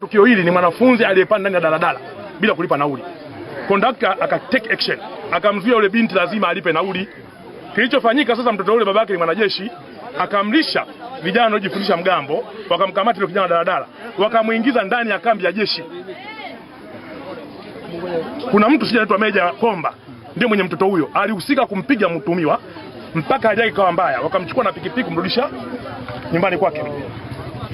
Tukio hili ni mwanafunzi aliyepanda ndani ya daladala bila kulipa nauli. Kondakta aka take action, akamzuia yule binti lazima alipe nauli. Kilichofanyika sasa, mtoto yule babake ni mwanajeshi, akamlisha vijana wanaojifundisha mgambo, wakamkamata yule kijana daladala, wakamwingiza ndani ya kambi ya jeshi. Kuna mtu anaitwa Meja Komba ndiye mwenye mtoto huyo, alihusika kumpiga mtumiwa mpaka hali yake ikawa mbaya, wakamchukua na pikipiki kumrudisha nyumbani kwake.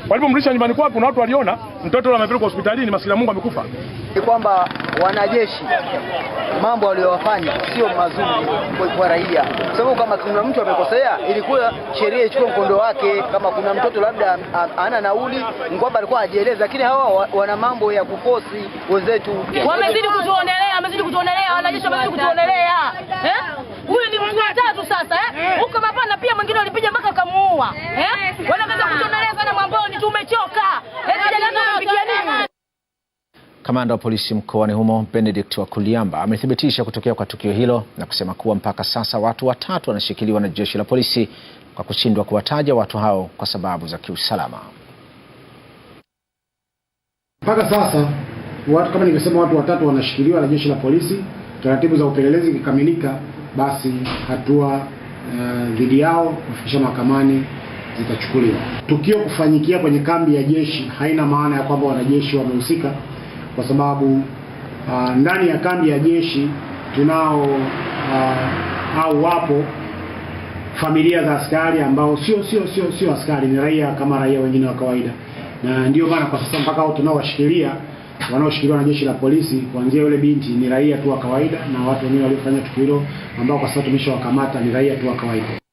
Walipomrudisha nyumbani kwake, kuna watu waliona mtoto amepelekwa hospitalini, maskini Mungu amekufa. Ni kwamba wanajeshi mambo waliyowafanya sio mazuri kwa raia, kwa sababu kama kuna mtu amekosea, ilikuwa sheria ichukue mkondo wake. Kama kuna mtoto labda ana nauli, ni kwamba alikuwa ajieleza lakini hawa wana mambo ya kukosi. Wenzetu wamezidi kutuondelea, wamezidi kutuondelea, wanajeshi wamezidi kutuondelea. Kamanda wa polisi mkoani humo Benedict Wakuliamba amethibitisha kutokea kwa tukio hilo na kusema kuwa mpaka sasa watu watatu wanashikiliwa na jeshi la polisi kwa kushindwa kuwataja watu hao kwa sababu za kiusalama. Mpaka sasa watu kama nilivyosema, watu watatu wanashikiliwa na jeshi la polisi. Taratibu za upelelezi zikikamilika basi hatua eh, dhidi uh, yao kufikisha mahakamani zitachukuliwa. Tukio kufanyikia kwenye kambi ya jeshi haina maana ya kwamba wanajeshi wamehusika kwa sababu uh, ndani ya kambi ya jeshi tunao uh, au wapo familia za askari ambao sio sio sio sio askari, ni raia kama raia wengine wa kawaida, na ndio maana kwa sasa mpaka hao tunaowashikilia wanaoshikiliwa na jeshi la polisi, kuanzia yule binti ni raia tu wa kawaida, na watu wengine waliofanya tukio hilo ambao kwa sasa tumeshawakamata ni raia tu wa kawaida.